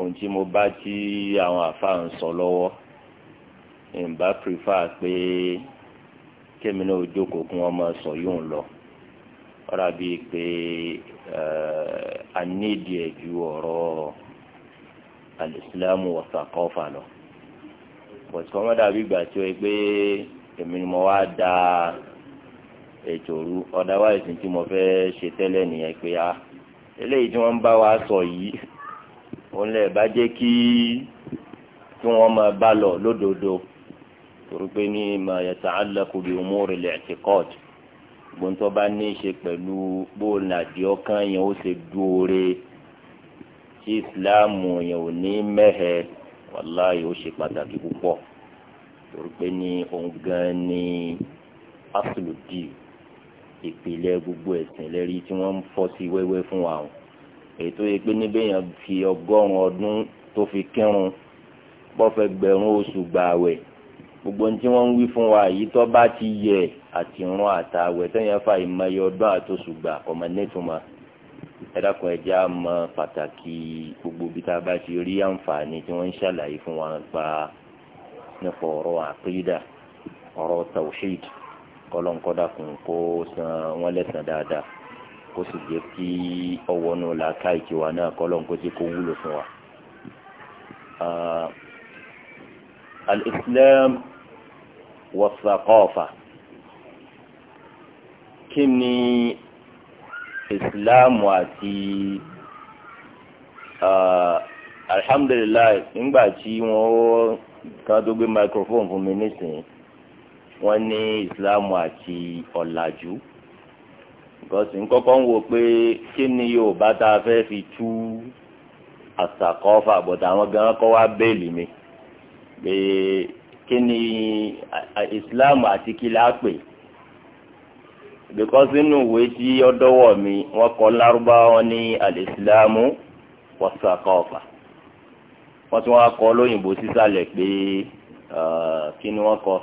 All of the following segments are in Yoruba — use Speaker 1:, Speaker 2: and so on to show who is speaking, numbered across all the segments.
Speaker 1: ohun tí mo bá tí àwọn àfa ń sọ lọ́wọ́ ìbá pírífà pé kémi náà jókòó kí wọ́n máa sọ yóò lọ ọ̀rọ̀ bíi pé eh, anídìí ẹ̀ ju ọ̀rọ̀ alìsílámù wọ̀sàkọ́fà lọ bọ̀tí kọ́ dàbí ìgbà tí ó yẹ pé èmi ni mo wá da ètò òru ọ̀dà wáìsì tí mo fẹ́ ṣe tẹ́lẹ̀ nìyẹn pé a ah, eléyìí tí wọ́n ń bá wa sọ yìí òun lè bá jẹ́ kí kí wọ́n máa bá lọ lódodo torí pé ní ma yata'allaqu bi umuri al-i'tiqad gbọ́ntọ́ bá ní í ṣe pẹ̀lú bóòlù àdìọ́kàn yẹn ó ṣe dúore tí ìsìláàmù yẹn ò ní mẹ́hẹ wàláyé ó ṣe pàtàkì púpọ̀ torí pé ní òun gan ni aṣlùdì ìpìlẹ̀ gbogbo ẹ̀sìn lẹ́rí tí wọ́n ń fọ́ sí wẹ́wẹ́ fún wa hàn èyí tó yẹ pé níbẹ̀ yẹn fi ọgọ́rùn-ún ọdún tó fi kírun bọ́fẹ̀ gbẹ̀rún oṣù gbààwẹ̀ gbogbo ní tí wọ́n ń wí fún wa yìí tó bá ti yẹ àti ìrun àtàwẹ̀ tẹ́yìn fa ìmọ̀ye ọdún àtòṣùgbà ọmọ nítumọ̀ ẹ dákun ẹ jẹ́ á mọ pàtàkì gbogbo bí tá a bá ti rí àǹfààní tí wọ́n ń ṣàlàyé fún wa gba nípa ọ̀rọ̀ àkídà ọ̀rọ̀ tawhid kọ́lọ́ńkọ́dà kó san wọ́n lẹ́sàn dáadáa kó sì jẹ́ kí ọwọ́ náà la ká ìtiwa náà kọ́ lọ́n kó sì kó wúlò fún wa. Ah, al-islam wa kí ni ìsìláàmù àti ah, alhamdulilayi nígbà tí wọ́n kan tó gbé microphone fún mi nísìnyí wọ́n ní ìsìláàmù àti ọ̀làjú because nkọ́kọ́ ń wo pé kí ni yorùbá tá a fẹ́ fi tú àsàkọ́fà bọ̀dà àwọn gan kọ́ wá bẹ́ẹ̀lì mi pé kí ni islam àti kí la pè because nínú ìwé tí ọdọ́wọ̀ mi wọ́n kọ́ lárúbáwọ́ ní alìsílámù wàsàkọ́fà wọ́n tún wá kọ́ lóyìnbó sísàlẹ̀ pé uh, kí ni wọ́n kọ́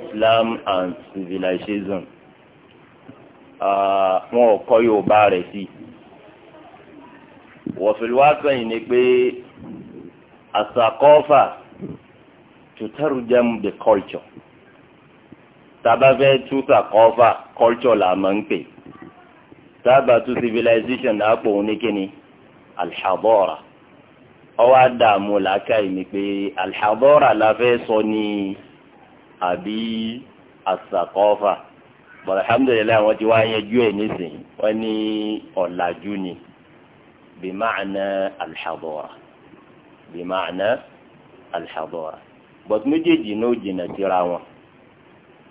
Speaker 1: islam and civilization wọn ò kọ́ yorùbá rẹ̀ sí i wọ̀fẹ̀lúwà sẹ́yìn ni pé àsàkọ́fà tùtẹ́rù jẹ́mu the culture tábàfẹ́ tú sàkọ́fà culture là máa ń pè tábà tú civilization là pò ní kíni alḥadọ́ra ọwọ́ àdààmú làákàyè ni pé alḥadọ́ra la fẹ́ sọ ní àbí àsàkọ́fà. So bọ̀dọ̀ alhamdulilayi wọ́n ti wá yanjú ẹ̀ nísìnyí wọ́n ní ọ̀làjú ni bí màánà alḥadọ́ra bí màánà alḥadọ́ra bọ̀dọ̀ méjèèjì ní ó jìnnà síra wọn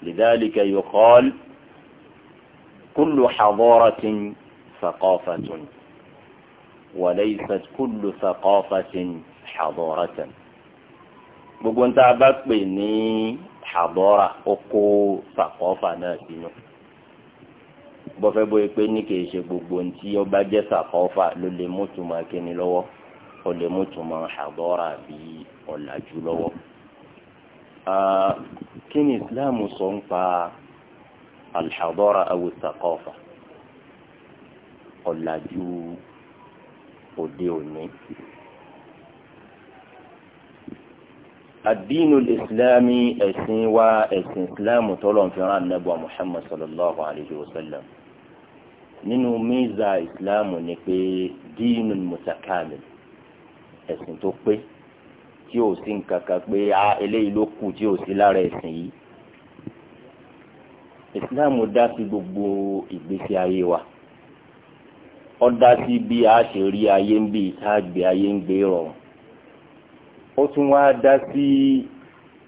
Speaker 1: lidhalika yuqal kullu hadaratin thaqafatun wa laysat kullu thaqafatin hadaratan gbogbo ń tá a bá pè ní àbọ́ra ó kó sàkọ́fà náà sínú bọ́fẹ́ bóyá pé ní kì í ṣe gbogbo ntí ọba jẹ́ sàkọ́fà ló lè mú tuma kíni lọ́wọ́ ó lè mú tuma àbọ́ra bí ọ̀làjú lọ́wọ́. kí ni islam sọ ń pa alḥadọ́ra awo sàkọ́fà ọ̀làjú òde òní. àdínú ìsìlámì ẹ̀sìn wa ẹ̀sìn ìsìlámù tọ́lọ̀ ń fẹ́ràn anábọ̀ muhammad sallallahu alayhi wa sallam nínú míza ìsìlámù ni pé dínú mutakamil ẹ̀sìn tó pé tí ò sí nǹkan kan pé a eléyìí ló kù tí ò sí lára ẹ̀sìn yìí ìsìlámù dá sí gbogbo ìgbésí ayé wa ó dá sí bí a ṣe rí ayé ń bí ìtaàgbé ayé ń gbé rọrùn ó tún wá dá sí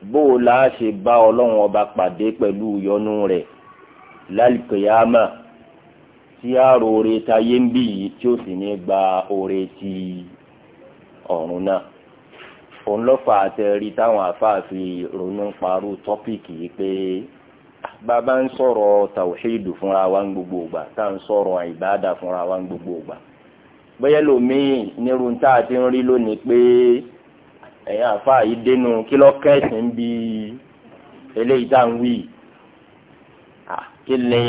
Speaker 1: bó o là á ṣe bá ọlọ́run ọba pàdé pẹ̀lú ìyọnu rẹ̀ lálùkìyàmà tí a rò oore tayé ń bì yìí tí ó sì ní gba oore ti ọ̀run náà òun lọ́fà àtẹ̀rí táwọn àfáàfi ronú parú tọ́pìkì pé bàbá ń sọ̀rọ̀ tàwíìdù fúnra wa ń gbogbo ògbà tá ń sọ̀rọ̀ ìbáàdà fúnra wa ń gbogbo ògbà bẹ́ẹ̀ lómi nírú tá a ti ń rí lónìí pé ẹ̀yin àfa yìí dénú kí lọ́ kẹ́sìn ń bi eléyìí tá à ń wí kí ni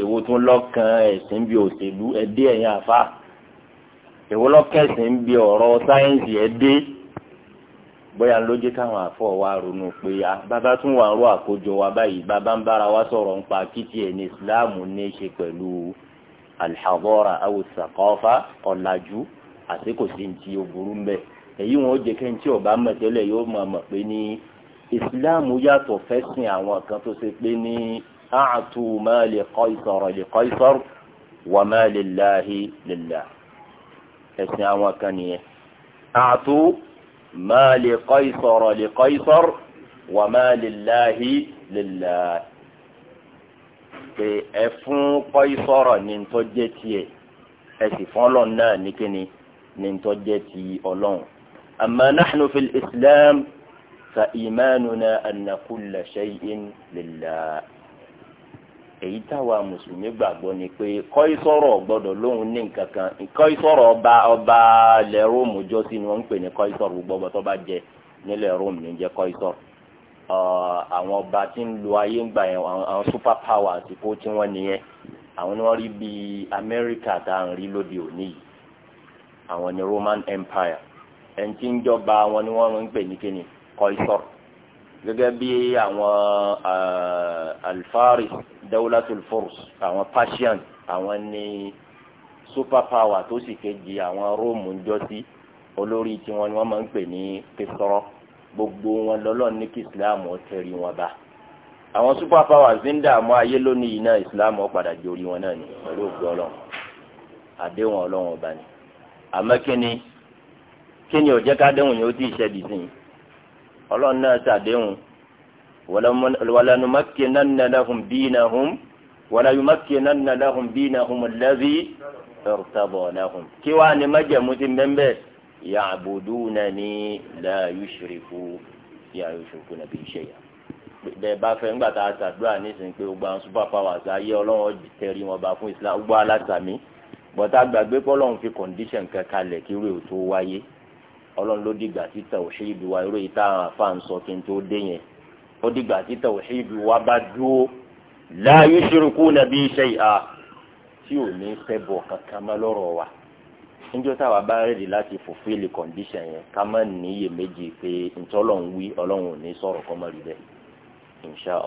Speaker 1: èwo tó lọ́kàn ẹ̀sìn bí òṣèlú ẹ̀dí ẹ̀yin àfa èwo lọ́kẹ̀sìn bí ọ̀rọ̀ sáyẹ́ǹsì ẹ̀dí bóyá lójú káwọn àfọ wa ronú pé a bàbá tún wà ń àkójọ wa báyìí bàbá ń bára wa sọ̀rọ̀ ń pa kìtì ẹ̀ ní ìsìláàmù ní í ṣe pẹ̀lú alḥadọ́ra awùsàkọ́fà ọ̀làjú àti kò sí ti o burú mbẹ́ èyí wọn ó jẹ kí n tí ọba mọ̀ tẹ́lẹ̀ yóò mọ̀ mọ̀ pé ní islam yàtọ̀ fẹ́sìn àwọn kan tó ṣe pé ní àtú ma li qaisar li qaisar wa ma lillahi lillah ẹ̀sìn àwọn kan nìyẹn àtú ma li qaisar li qaisar wa ma lillahi lillah pé ẹ fún qaisar ní tó jẹ́ tiẹ̀ ẹ sì fọ́n náà ní kíni ní tó jẹ́ ti ọlọ́run. أما نحن في الإسلام فإيماننا أن كل شيء لله èyí táwa mùsùlùmí gbàgbọ́ ni pé kọ́ ìsọ̀rọ̀ gbọ́dọ̀ lóhun ní nǹkan kọ́ ìsọ̀rọ̀ ọba ọba ilẹ̀ róòmù jọ sí ni wọ́n ń pè ní kọ́ ìsọ̀rọ̀ gbogbo tó bá jẹ nílẹ̀ róòmù ní jẹ́ kọ́ ìsọ̀rọ̀ àwọn ọba tí ń lo ayé ń gbà yẹn àwọn super power àti tí wọ́n nìyẹn àwọn ni wọ́n rí bíi amẹ́ríkà tá à ń rí lóde òní yìí àwọn ni roman empire ẹnití ń jọba wọn ni wọn ń pè ní kíni kọ́ìsọ̀r gẹ́gẹ́ bí àwọn eh, alfaris dawlatul furs àwọn persian àwọn ní super power tó sì kejì àwọn róòmù ń jọ sí olórí tiwọn ni wọn máa ń pè ní kẹsọrọ gbogbo wọn lọlọ ní kí islam tẹrí wọn bá àwọn super powers ń dààmú ayé lónìí náà islam padà di orí wọn náà ni pẹ̀lú ògbó ọlọ́run àdéhùn ọlọ́run ọba ni àmọ́ kí ni kí ni òjẹ́ ká déhùn yóò ti ṣẹ́ dìísìn ọlọ́run náà ṣàdéhùn wàlánùmákìnnánà lahum dínahum wàlánùmákìnnánà lahum dínahum allazi irtabọ̀ lahum. kí wàá ní májẹ̀mú ti bẹ́ńbẹ́ ya'budunani la yushriku la yushriku nàbí iṣẹ́ yà bẹ́ẹ̀ bá fẹ́ ńgbà tá a ṣàdúrà nísìnyí pé gbogbo àwọn super powers ayé ọlọ́run tẹ̀rí wọn bá fún islam gbogbo alásàmì bọ́tà gbàgbé pé ọlọ́run fi condition kankan lẹ̀ kí irú ètò wáyé ọlọ́run ló dìgbà tí tawhid wa irú yìí táwọn afáàn sọ kí n tó dé yẹn ó dìgbà tí tawhid wa bá dúró
Speaker 2: la yushrikuna
Speaker 1: bi shay'a tí ò ní fẹ́ bọ̀ kankan mọ́ lọ́rọ̀ wa níjọ́ táwa bá rèdí láti fulfill condition yẹn ká má níyè méjì pé ntọ́lọ́run wí ọlọ́run ò ní sọ̀rọ̀ kọ́ mọ́ rí bẹ́ẹ̀ insha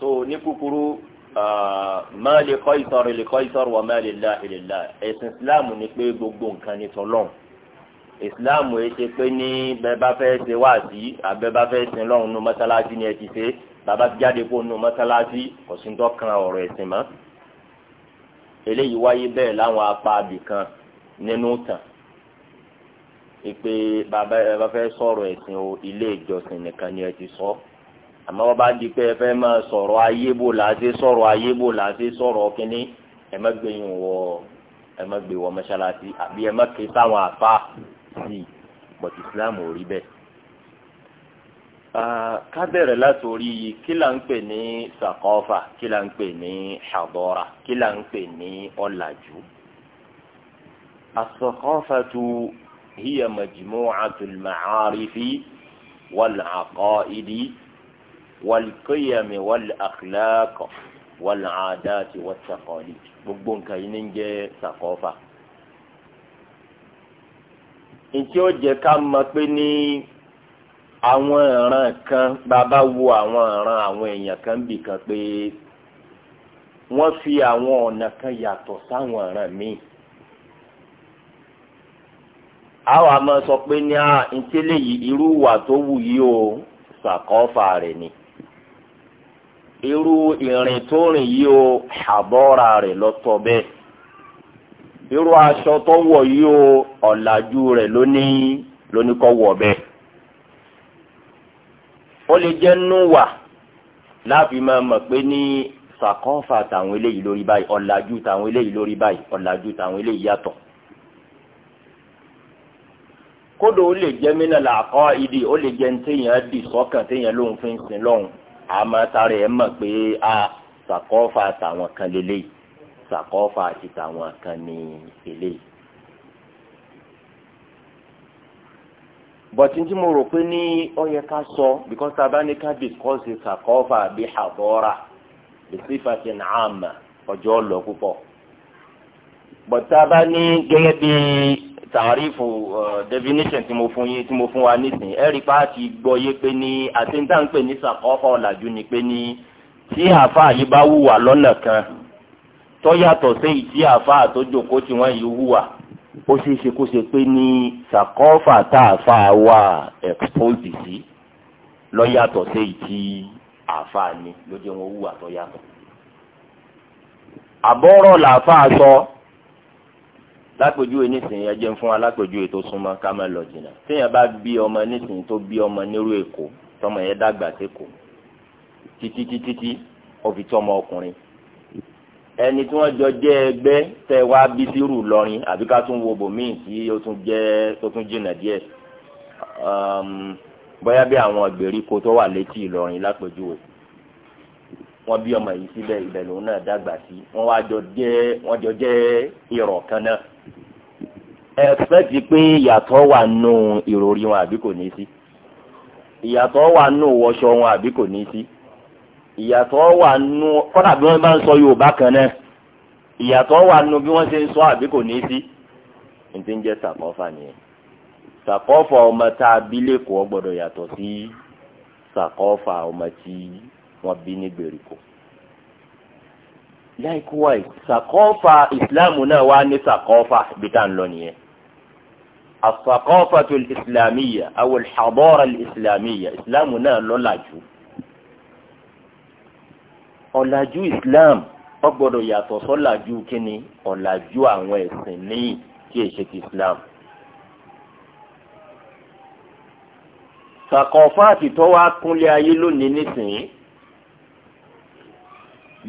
Speaker 1: so ní kúkúrú máa lè kọ́ ìsọ̀rọ̀ lè kọ́ ìsọ̀rọ̀ wa máa lè la ìlè la ẹ̀sìn islam ni pé gbogbo nǹkan ni tọ́lọ́run ìsìláàmù yìí ṣe pé ní bẹ́ẹ̀ bá fẹ́ ṣe wá sí àbẹ́ bá fẹ́ sin lọ́run nu mọ́sálásí ni ẹ ti ṣe bàbá ti jáde kó nu mọ́sálásí kò kan ọ̀rọ̀ ẹ̀sìn mọ́. eléyìí wáyé bẹ́ẹ̀ láwọn apá kan nínú tàn ìpè bàbá ẹ bá fẹ́ sọ̀rọ̀ ẹ̀sìn o ilé ìjọsìn nìkan ni ẹ ti sọ àmọ́ bá di pé ẹ fẹ́ máa sọ̀rọ̀ ayé bò láti sọ̀rọ̀ ayé bò láti sọ̀rọ̀ kínní ẹ má gbé yín wọ ẹ má gbé wọ mọ́sálásí àbí ẹ má ké sáwọn àfa sí i but islam ò rí bẹ́ẹ̀. ká bẹ̀rẹ̀ látòrí kí là ń pè ní sàkọ́fà kí là ń pè ní ṣàbọ́ra kí là ń pè ní ọ̀làjú. الثقافة هي مجموعة المعارف والعقائد والقيم والأخلاق والعادات والتقاليد gbogbo nǹkan yìí ní ń jẹ́ sàkọ́fà nke o jẹ́ ká mọ̀ pé ní àwọn ìran kan bàbá wo àwọn ìran àwọn èèyàn kan bì kan pé wọn fi àwọn ọ̀nà kan yàtọ̀ sáwọn ìran míì àwa máa sọ pé ní à ah, ntí eléyìí irú wà tó wù yìí o sàkọ́fà rẹ̀ ni irú ìrìn tó rìn yìí o àbọ̀ra rẹ̀ lọ́tọ̀ bẹ́ẹ̀. irú aṣọ tó wọ̀ yìí o ọ̀làjú rẹ̀ lónìí lónìí kọ́ wọ̀ bẹ́ẹ̀. ó lè jẹ́ núwà láàfin máa mọ̀ pé ní sàkọ́fà tàwọn eléyìí lórí báyìí ọ̀làjú tàwọn eléyìí lórí báyìí ọ̀làjú tàwọn eléyìí yàtọ̀. kódò ó lè jẹ́ mínà làkọ́ ìdí ó lè jẹ́ téèyàn dì sọ́kàn téèyàn lóun fi ń sin lọ́hùn àmọ́ tara ẹ̀ mọ̀ pé a sàkọ́fà tàwọn kan lélẹ́yìí sàkọ́fà àti tàwọn kan ní eléyìí. bọ̀tí tí mo rò pé ní ó yẹ ká sọ because tá a bá ní ká discuss sàkọ́fà bí àbọ̀ra bí sífàtì nàámà ọjọ́ lọ púpọ̀ bọ̀tá bá ní gẹ́gẹ́ bí tàrífù uh, definition tí mo fún yín tí mo fún wa nísìnyí ẹ̀rí pàtì gbọ́ pé ní àti ní táwọn pè ní sàkọ́fà ọ̀làjú ni pé ní tí àáfàá yìí bá wùwà lọ́nà kan tọ́yàtọ̀ sí ìdí àfa àtọ́jòkó tí wọ́n yìí hùwà ó ṣeé ṣe kó ṣe pé ní sàkọ́fà tá a fa wà expose sí lọ́yàtọ̀ sí ìdí àfa ni lójú wọn hùwà tọ́yàtọ̀. àbọ̀rọ̀ làáfà sọ lápèjúwe nísìnyí ẹ jẹ́ fún wa lápèjúwe tó súnmọ́ ká má lọ jìnnà téèyàn bá bí ọmọ nísìnyí tó bí ọmọ nírú èkó tọmọ yẹn dàgbà sí kò títí títí tí ó fi tọmọ ọkùnrin ẹni tí wọ́n jọ jẹ́ ẹgbẹ́ tẹ wá bí sírù lọrin àbí ká tún wo bòmíì tí ó tún jẹ́ tó tún jìnà díẹ̀ um, bóyá bí àwọn ìgbèríko tó wà létí Ìlọrin lápèjúwe wọ́n bí ọmọ yìí síbẹ̀ ibẹ̀ lòun náà dàgbà sí wọ́n wá jọ jẹ́ wọ́n jọ jẹ́ ìrọ̀ kan náà ẹ̀fẹ́tì pé ìyàtọ̀ wà nù ìròrí wọn àbí kò ní sí ìyàtọ̀ wà nù wọṣọ wọn àbí kò ní sí ìyàtọ̀ wà nù kọ́dà bí wọ́n bá ń sọ Yorùbá kan náà ìyàtọ̀ wà nù bí wọ́n ṣe ń sọ àbí kò ní sí ní ti ń jẹ́ sàkọ́fà nìyẹn sàkọ́fà ọmọ tá a bí lẹ́kọ̀ọ́ gbọ́dọ̀ yàtọ̀ sí sàkọ́fà ọmọ tí wọ́n bí ní gbèríko. likewise sàkọ́fà ìsìláàmù náà wá ní sàkọ́fà bí tá à ń lọ nìyẹn. asàkọ́fà tó ìsìlámìyà àwọn ìṣàbọ̀rọ̀ ìsìlámìyà ìsìláàmù náà lọ́làjú ọ̀làjú islam ó gbọ́dọ̀ yàtọ̀ sọ́làjú kínní ọ̀làjú àwọn ẹ̀sìn míì tí è ṣe ti islam. sàkọ̀fà àtìtọ́ wa kúnlé ayé lónìí nísìnyí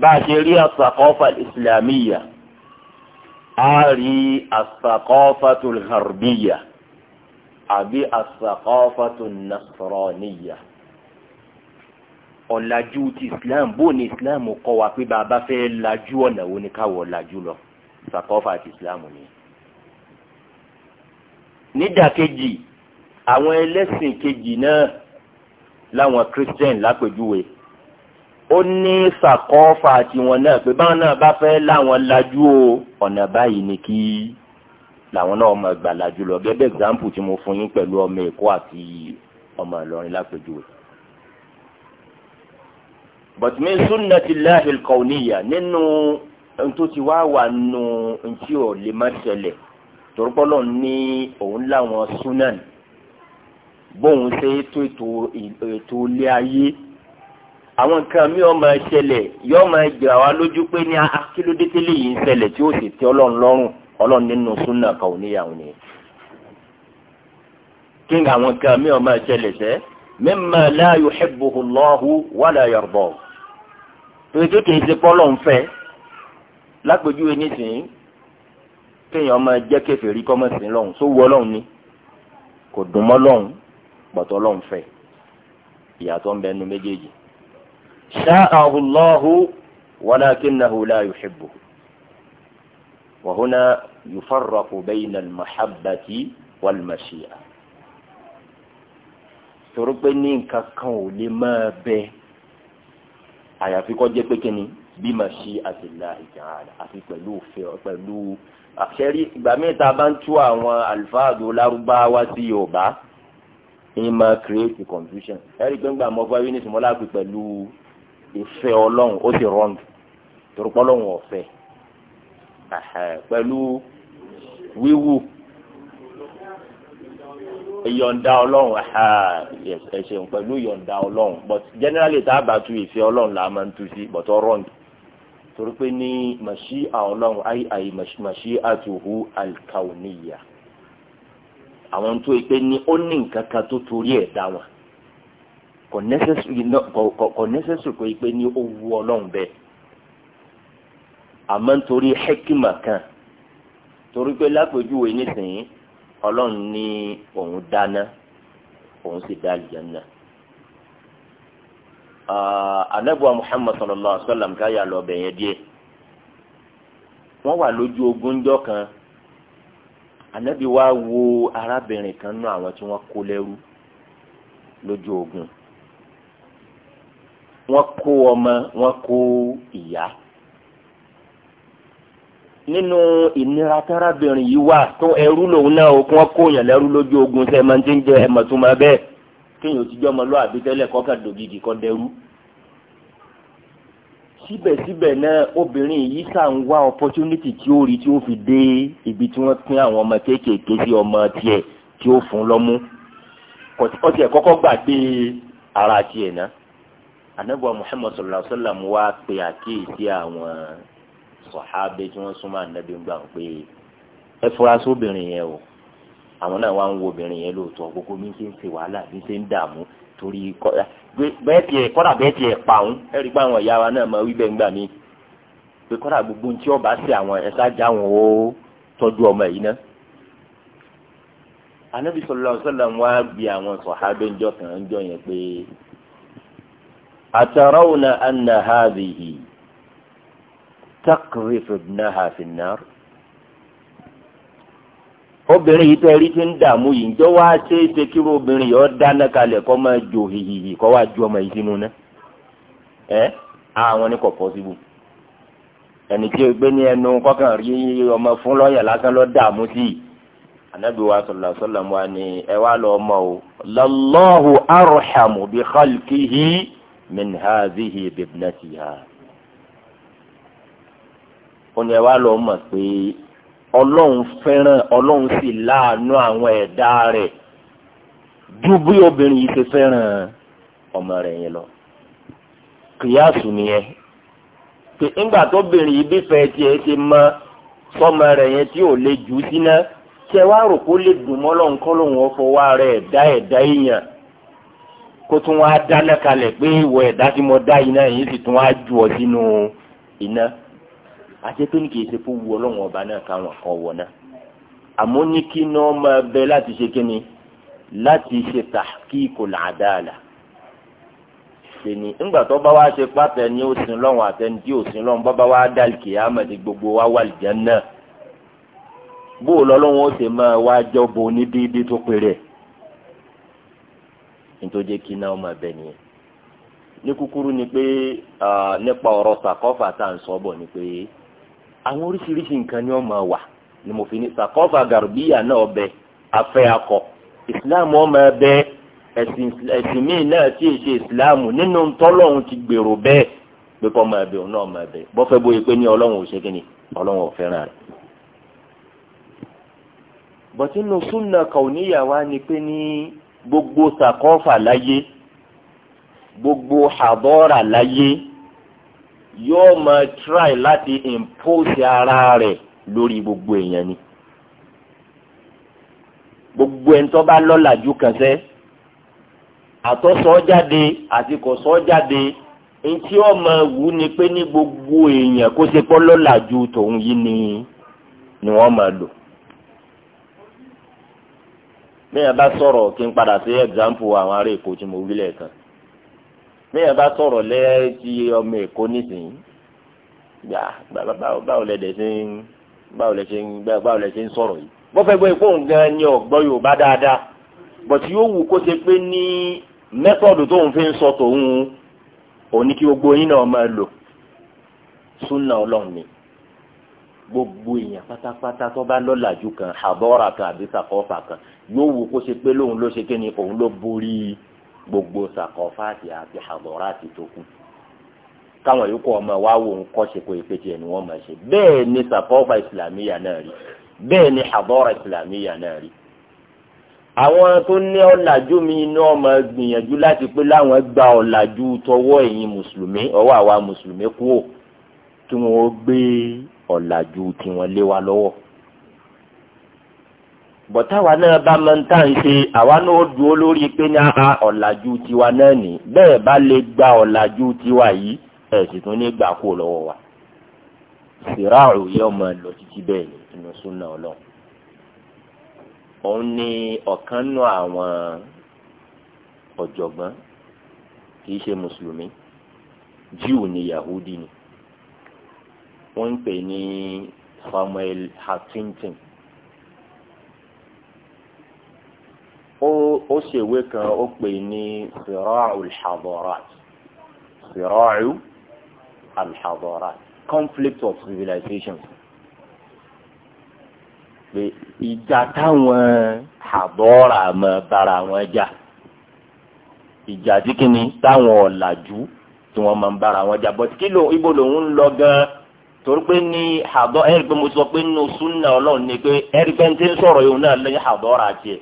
Speaker 1: bá a ṣe rí àsàkọ́fà islamiyya a rí àsàkọ́fà tó lè àbí àsàkọ́fà tó nasrọ̀níyà ọ̀làjú ti islam bó ni islam kọ́ wa pé bàbá fẹ́ lajú ọ̀nà wo ni káwọ̀ ọ̀làjú lọ sàkọ́fà ti islam ni. nídàkejì àwọn ẹlẹ́sìn kejì náà láwọn christian lápèjúwe ó ní sàkọ́fà tiwọn náà pé báwọn náà bá fẹ́ láwọn lajú o ọ̀nà báyìí ni kí làwọn náà ọmọ ìgbàlá jùlọ gẹ́gẹ́ example tí mo fún yín pẹ̀lú ọmọ èkó àti ọmọ ìlọrin lápèjúwe but min sunnati lahi kawniya nínú ntó ti wá wà nù ntí ò lè má ṣẹlẹ̀ torúpọ́lọ́ ní òun láwọn sunan bóun ṣe tó ètò ètò ilé ayé àwọn nǹkan mi ọmọ ṣẹlẹ̀ yọ ọmọ ìjà wa lójú pé ní akílódé ah, tẹ́lẹ̀ yìí ń ṣẹlẹ̀ tí ó sì tẹ́ ọlọ́run lọ́rùn ọlọ́run nínú súnà kàwọ́níyàwó ni. kí ni àwọn nǹkan mi ọmọ ṣẹlẹ̀ sẹ́ mimma la yuhibbuhu Allahu wala yardahu torí kékeré ṣe pọ́lọ̀ ń fẹ́ lágbèjúwe nísìnyí kéèyàn máa jẹ́ kèfèrí kọ́mọ̀sí lọ́hùn sówú ọlọ́hun ni kò dùn mọ́ lọ́hùn pọ̀tọ́ lọ́hùn fẹ́ ìyàtọ̀ ń bẹ nu méjèèjì. sha'ahu Allahu walakinahu la yuhibbu wa huna yufarraqu bayna al-mahabbati wal-mashi'a. torí pé ní nǹkan kan ò lè máa bẹ́ẹ̀ àyàfi kọ́ jẹ́ pé kí ni bí mà ṣí àtìláhi ta'ala àfi pẹ̀lú òfin pẹ̀lú àṣẹrí ìgbà mẹ́ta bá ń tú àwọn àlùfáàdù lárúbáwá sí yorùbá ní ma create confusion ẹ̀rí pé ń gbà mọ́ fún ẹ̀rínísì mọ́lá pé pẹ̀lú ìfẹ́ ọlọ́run ó sì wrong torúpọ́ ọlọ́run ọ̀fẹ́ pẹ̀lú wíwù ìyọ̀ǹda ọlọ́run ẹ ṣeun pẹ̀lú ìyọ̀ǹda ọlọ́run but generally tá a bá tu ìfẹ́ ọlọ́run là á máa ń tu sí but ọ̀rọ̀ ni torí pé ní màṣí ọlọ́run ayi ayi màṣí àtúhù alkauniya àwọn tó pé ní ó ní nǹkan kan tó torí ẹ̀ dá wọn kò necessary kò pé ní ó wu ọlọ́run bẹ́ẹ̀ àmọ́ nítorí hekima kan torí pé lápèjúwe nísìnyí ọlọ́run ní òun dáná òun sì dá àlùjánnà. anabuwa muhammad sallallahu alaihi wa sallam káyà lọ bẹ̀yẹn díẹ̀ wọ́n wà lójú ogúnjọ́ kan anabi wa wo arábìnrin kan nú àwọn tí wọ́n kó lẹ́rú lójú ogun wọ́n kó ọmọ wọ́n kó ìyá nínú ìnira tárábìnrin yìí wà tó ẹrú lòun náà okun ọkọ yẹn lẹrú lójú ogun tẹ máa ń ti ń jẹ ẹmọ tó máa bẹ́ẹ̀ kéèyàn ti jọ ọmọ lọ àbí tẹ́lẹ̀ dògidì kọ dẹrú. síbẹ̀síbẹ̀ náà obìnrin yìí ṣáà ń wá opportunity tí ó rí tí ó fi dé ibi tí wọ́n pín àwọn ọmọ kéékèèké sí ọmọ tiẹ̀ tí ó fún lọ́mú ọtí ẹ̀ kọ́kọ́ gbà pé ara tiẹ̀ náà Muhammad sallallahu alaihi wa sallam wá pe sọ̀hábẹ́ tí wọ́n súnmọ́ ànábì ń gbà ń pé ẹ fura sóbìnrin yẹn o àwọn náà wá ń wo obìnrin yẹn lóòótọ́ gbogbo mi ṣe ń ṣe wàhálà mi ṣe ń dààmú torí bẹ́ẹ̀ tiẹ̀ kọ́dà bẹ́ẹ̀ tiẹ̀ pa òun ẹ rí i pé àwọn ìyá wa náà máa wí bẹ́ẹ̀ ńgbà mí pé kọ́dà gbogbo tí ọba ṣe àwọn ẹ ṣáájà wọn ó tọ́jú ọmọ yìí náà. anábì sọlọ wá gbé àwọn sọ̀hábẹ́ تقذف ابنها في النار obìnrin yìí tẹ́ rí ti ń dààmú yìí ǹjọ́ wá ṣe é ṣe kí obìnrin yìí ó dáná kalẹ̀ kó máa jo hihihi kó wá ju ọmọ yìí sínú náà ẹ ah, àwọn ní kò pọ́sibú ẹni tí o gbé ní ẹnu kọ́kàn rí ọmọ fún lọ́yà lásán lọ́ dààmú sí i anabi wa sọlọ sọlọ wa ni ẹ wá lọ ọmọ o lallahu arhamu bi khalqihi min hazihi wọn ni ẹ wá lọ mọ̀ pé ọlọ́run fẹ́ràn ọlọ́run sì láàánú àwọn ẹ̀dá rẹ̀ ju bí obìnrin yìí ṣe fẹ́ràn ọmọ rẹ̀ yẹn lọ kìyàsù nìyẹn pé ńgbà tóbìnrin yìí bí fẹ́ tiẹ̀ ṣe mọ sọmọ rẹ̀ yẹn tí ò lè jù síná tí ẹ wá rò kó lè dùn mọ́ lọ́run kọ́ lòun ọ̀fọ̀ wá rẹ̀ ẹ̀dá ẹ̀dá èèyàn kó tún wá dáná kalẹ̀ pé ìwọ ẹ̀dá tí mo dá iná yìí sì tún wá jù ọ sínú iná àti pé ní kì í ṣe fún wu ọlọ́run ọba náà káwọn kan wọ̀ náà àmọ́ ní náà máa bẹ láti ṣe kíni láti ṣe tahqiqul adala ṣèní ńgbà tó bá wá ṣe pàtẹ ní òsín lọ́wọ́n àtẹni tí òsín lọ́wọ́n bábá wá dàlùkì àmọ̀dé gbogbo wá wà lìjánná bó lọ́lọ́wọ́n ó ṣe máa wá jọ́bọ ní dídí tó péré nítorí kí náà máa bẹ nìyẹn ní kúkúrú ni pé nípa ọ̀rọ̀ sàkọ́fà tá à ń sọ bọ̀ ni pé àwọn oríṣiríṣi nǹkan ni wọ́n máa wà ni mo fi ní sàkọ́fà gàrúbíyà náà bẹ afẹ́ akọ ìsìláàmù ọmọ ẹbẹ ẹ̀sìn míì náà tí ì ṣe ìsìláàmù nínú tọ́lọ́hún ti gbèrò bẹ́ẹ̀ pé kọ́ máa bẹ òun náà máa bẹ bọ́fẹ́ bóyá pé ní ọlọ́run ò ṣe kí ni ọlọ́run ò fẹ́ràn rẹ̀. bọ̀tí nínú súnà kàwọ́níyà wa ni pé ní gbogbo sàkọ́fà láyé gbogbo àbọ́rà láyé yóò máa try láti impose ara rẹ̀ lórí gbogbo èèyàn ni gbogbo ẹni tó bá lọ́làjú kan sẹ́ àtọ́sọ́ jáde àti kò sọ́ jáde ntí ọmọ wù ni pé ní gbogbo èèyàn kó ṣe pọ́ lọ́làjú tòun yìí ni ni wọ́n máa lò bẹ́ẹ̀ bá sọ̀rọ̀ kí n padà sí ẹ̀gzámpù àwọn ará èkó tí mo wí lẹ́ẹ̀kan bẹ́ẹ̀ bá sọ̀rọ̀ lẹ́yìn tí ọmọ èkó nísìnyí gbà báwo lẹ ṣe ń báwo lẹ ṣe ń báwo lẹ ṣe ń sọ̀rọ̀ yìí wọ́n fẹ́ gbọ́ ipò nǹkan ni ọ̀gbọ́ yorùbá dáadáa bọ̀tí yóò wù kó ṣe pé ní mẹ́tọ̀dù tóun fi ń sọ tòun òun ní kí gbogbo yín náà máa lò súnà ọlọ́run ni gbogbo èèyàn pátápátá tó bá lọ́làjú kan àbọ̀rà kan àbí sàkọ́fà kan yóò wù kó ṣe pé lóun ló ṣe kí ni òun ló borí gbogbo sàkọ́fàtì àti àbọ̀ràtì tó kù káwọn yòókù ọmọ wa wò ń kọ́ṣe kó ìpèjì ẹni wọ́n máa ṣe bẹ́ẹ̀ ni sàkọ́fà ìsìlámíyà náà rí bẹ́ẹ̀ ni àbọ̀rà ìsìlámíyà náà rí àwọn tó ní ọ̀làjú mi iná ọmọ gbìyànjú láti pé láwọn gba ọ̀làjú tọwọ́ ẹ̀yin mùsùlùmí ọwọ́ àwa mùsùlùmí kúò kí wọ́n gbé ọ̀làjú tiwọn lé wa lọ́wọ́ bọ̀táwa náà bá máa ń tà ń ṣe àwa náà dúró lórí pé ní ara ọ̀làjú tiwa náà nì bẹ́ẹ̀ bá lè gba ọ̀làjú tiwa yìí ẹ̀ sì tún ní gbà kó lọ́wọ́ wa. sìrá òye ọmọ lọ títí bẹ́ẹ̀ ni inú súnà ọlọ́run. òun ni ọ̀kan nù àwọn ọ̀jọ̀gbọ́n kì í ṣe mùsùlùmí jíù ni yahudi ni wọ́n ń pè ní samuel huntington ó ṣèwé kan ó pè ní siraacu alḥadorat siraacu alḥadorat conflict of civilization pé ìjà táwọn àbọ̀ra mọ́ bára wọn jà ìjà tí kìíní táwọn ọ̀làjú tí wọ́n máa ń bára wọn jà bọ́tí kí ló ibo lòun ń lọ gan torí pé ní àbọ̀ ẹ̀rí pé mo sọ pé nínú súnà ọlọ́run ni pé ẹ̀rí pé ń ti ń sọ̀rọ̀ yòówù náà lẹ́yìn àbọ̀ra tiẹ̀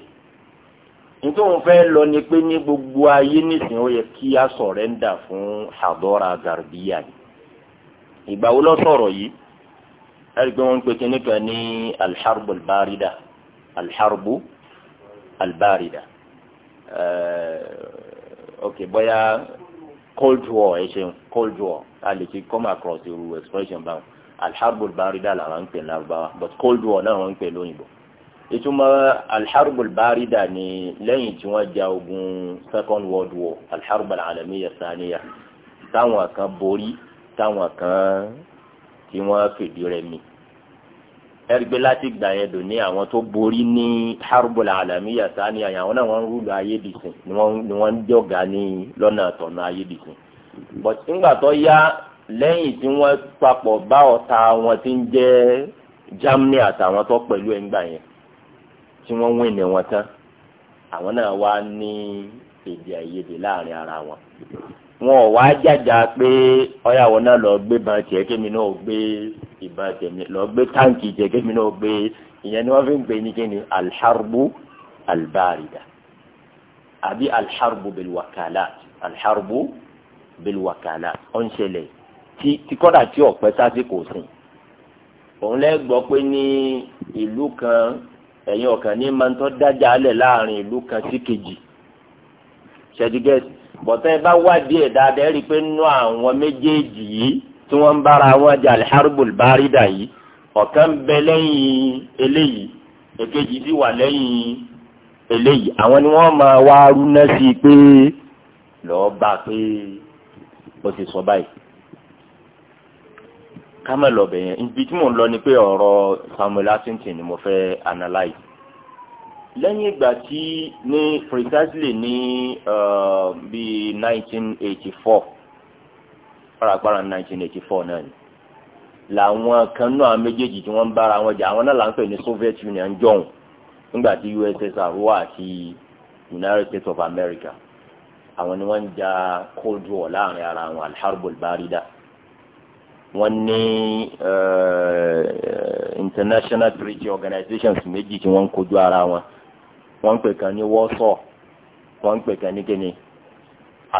Speaker 1: nítorí wọn fẹ́ lọ ni pé ní gbogbo ayé nísìnyí ó yẹ kí a sọ̀rẹ́ndà fún hadora garbiya ni ìgbà wo lọ sọ̀rọ̀ yìí ẹ̀rí pé wọ́n ń pè kí nípa ní alḥarbu albarida alḥarbu albarida ok bóyá cold war ẹ ṣeun cold war a lè fi come across the expression báwọn alḥarbu albarida làwọn ń pè lárúbáwá but cold war náà wọ́n ń pè lóyìnbó ìtumọ̀ alḥarbul bárida ni lẹ́yìn tí wọ́n ja ogun second world war alḥarbul alamiya saniya táwọn kan borí táwọn kan tí wọ́n fìdí rẹ̀ mi ẹgbẹ́ láti gbà yẹn dùn ní àwọn tó borí ní harbul alamiya saniya yẹn àwọn náà wọ́n ń rúlu ayédìsìn ni wọ́n ń jọ̀gá ní lọ́nà tọ̀nà ayédìsìn but ńgbà tó yá lẹ́yìn tí wọ́n papọ̀ bá ọ̀tá wọn ti ń jẹ́ Germany àtàwọn tó pẹ̀lú ẹ̀ ńgbà yẹn tí wọ́n wí ní wọn tán àwọn náà wá ní èdè àìyedè láàrin ara wọn wọn ò wá jàjà pé ọyàwó náà lọ gbé ban tiẹ̀ kémi náà gbé ìbọn tèmi lọ gbé táǹkì tiẹ̀ kémi náà gbé ìyẹn ni wọ́n fi ń pè ní kíni alḥarbu albarida àbí alḥarbu bilwakalat alḥarbu bilwakalat ọ̀n ṣẹlẹ̀ tí tí kọ́dà tí ọ̀pẹ́ sásìkò sìn òun lẹ́gbọ́ pé ní ìlú kan ẹ̀yin ọ̀kan ní máa ń tọ́ dájà alẹ̀ láàrin ìlú kan sí kejì ṣẹ́dígẹ́sì bọ̀tẹ́ ẹ bá wádìí ẹ̀ dáadáa rí i pé nínú àwọn méjèèjì yìí tí wọ́n ń bára wọn jà alharbul bárida yìí ọ̀kan ń bẹ lẹ́yìn eléyìí èkejì sì wà lẹ́yìn eléyìí àwọn ni wọ́n máa wá rúná sí i pé lọ́ọ́ bá a pé ó ti sọ báyìí kámẹ́ lọ́bẹ̀ yẹn ibi tí mò ń lọ ni pé ọ̀rọ̀ Samuel Asington ni mo fẹ́ analyse lẹ́yìn ìgbà tí ní precisely ní bíi nineteen eighty four parapara nineteen eighty four náà ni làwọn kan náà méjèèjì tí wọ́n bára wọn jà àwọn náà là ń pè ní Soviet Union jọ̀hún nígbà tí USSR wà àti United States of America àwọn ni wọ́n ń ja Cold War láàrin ara wọn alharbul barida wọ́n ní eh, international treaty organizations méjì tí wọ́n ń kojú ara wọn wọ́n ń pè kan ní Warsaw wọ́n ń pè kan ní kíni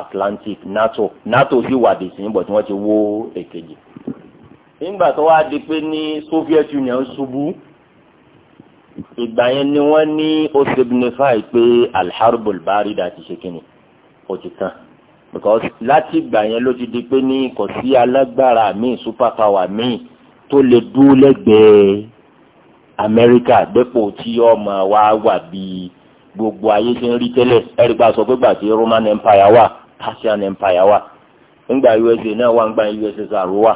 Speaker 1: Atlantic NATO NATO sì wà dèsí níbọ̀ tí wọ́n ti wó èkejì nígbà tó wá di pé ní Soviet Union ṣubú ìgbà yẹn ni wọ́n ní ó signify pé alharbul barida ti ṣe kíni ó ti tán because láti ìgbà yẹn ló ti di pé ní kò sí alágbára míì super power míì tó lè dúró lẹ́gbẹ̀ẹ́ amẹ́ríkà dépò tí ọmọ wa wà bíi gbogbo ayé ṣe ń rí tẹ́lẹ̀ ẹ̀rí gba sọ pé gbà tí roman empire wà persian empire wà ńgbà usa náà wà ńgbà ussr wà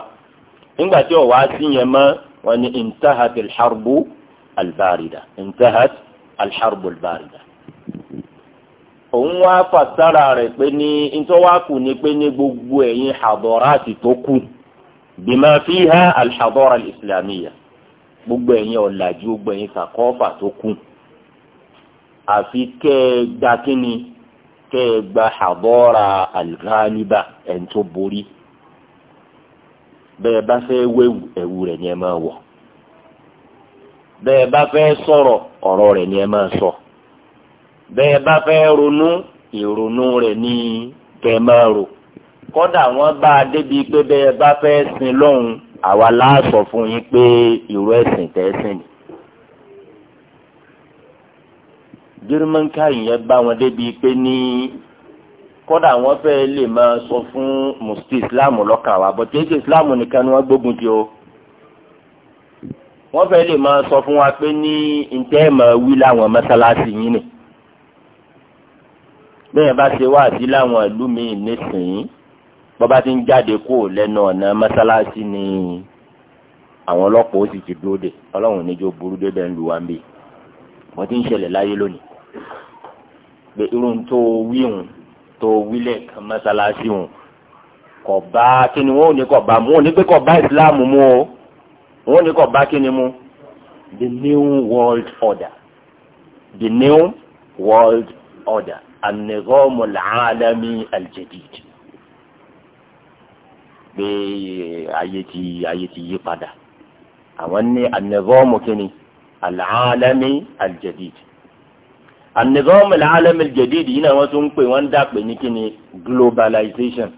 Speaker 1: ńgbà tí ọ̀wá sí yẹn mọ́ wọn ni intahat alharbu albarida intahat alharbu albarida òun wá fàtàrà rẹ̀ pé ní ntọ́wákù ni pé ní gbogbo ẹ̀yin hadarati tó kù bima fiha al-hadara al-islamiyya gbogbo ẹ̀yin ọ̀làjú gbogbo ẹ̀yin sàkọ́fà tó kù àfi kẹ́ ẹ gba kíni kẹ́ ẹ gba hadara al-ghaliba borí bẹ́ẹ̀ bá fẹ́ wéwu ẹ̀wù rẹ̀ ni ẹ máa wọ̀ bẹ́ẹ̀ bá fẹ́ sọ̀rọ̀ ọ̀rọ̀ rẹ̀ ni ẹ máa sọ bẹ́ẹ̀ bá fẹ́ ronú ìrònú rẹ̀ ní kẹmẹ́rò kọ́dà wọ́n bá a débi pé bẹ́ẹ̀ bá fẹ́ sin lọ́hùn àwa láàsọ fún yín pé ìró ẹ̀sìn tẹ́sìn ni. gírímọ́ńkà yẹn bá wọn débi pé ní kọ́dà wọ́n fẹ́ lè máa sọ fún mùsùlùmí islam lọ́kàn wa bọ́tí èsì islam nìkan ni wọ́n gbógun ti o wọ́n fẹ́ lè máa sọ fún wa pé ní ntẹ́ máa wí láwọn mọ́sálásí yín nìyí bẹ́ẹ̀ bá ṣe wá àti láwọn ìlú mi nísìnyí bọ́bá ti ń jáde kó lẹ́nu ọ̀nà mọ́sálásí ni àwọn ọlọ́pàá ó sì ti dúró dè ọlọ́run níjó burú débẹ̀ ń lu wa ń bì wọ́n ti ń ṣẹlẹ̀ láyé lónìí pé irun tó wí òun tó wílẹ̀ kan mọ́sálásí òun kò bá kí ni ò ní kò bá mu wọ́n ò ní pé kò bá ìsìláàmù mu o wọ́n ò ní kò bá kí mu the new world order the new world order an-nizam al-alami al-jadid pé ayé ti ayé ti yí padà àwọn ní an-nizam kínní al-alami al-jadid an-nizam al-alami al-jadid yìí náà wọ́n tún ń pè wọ́n ń dà pé ní kínní globalization.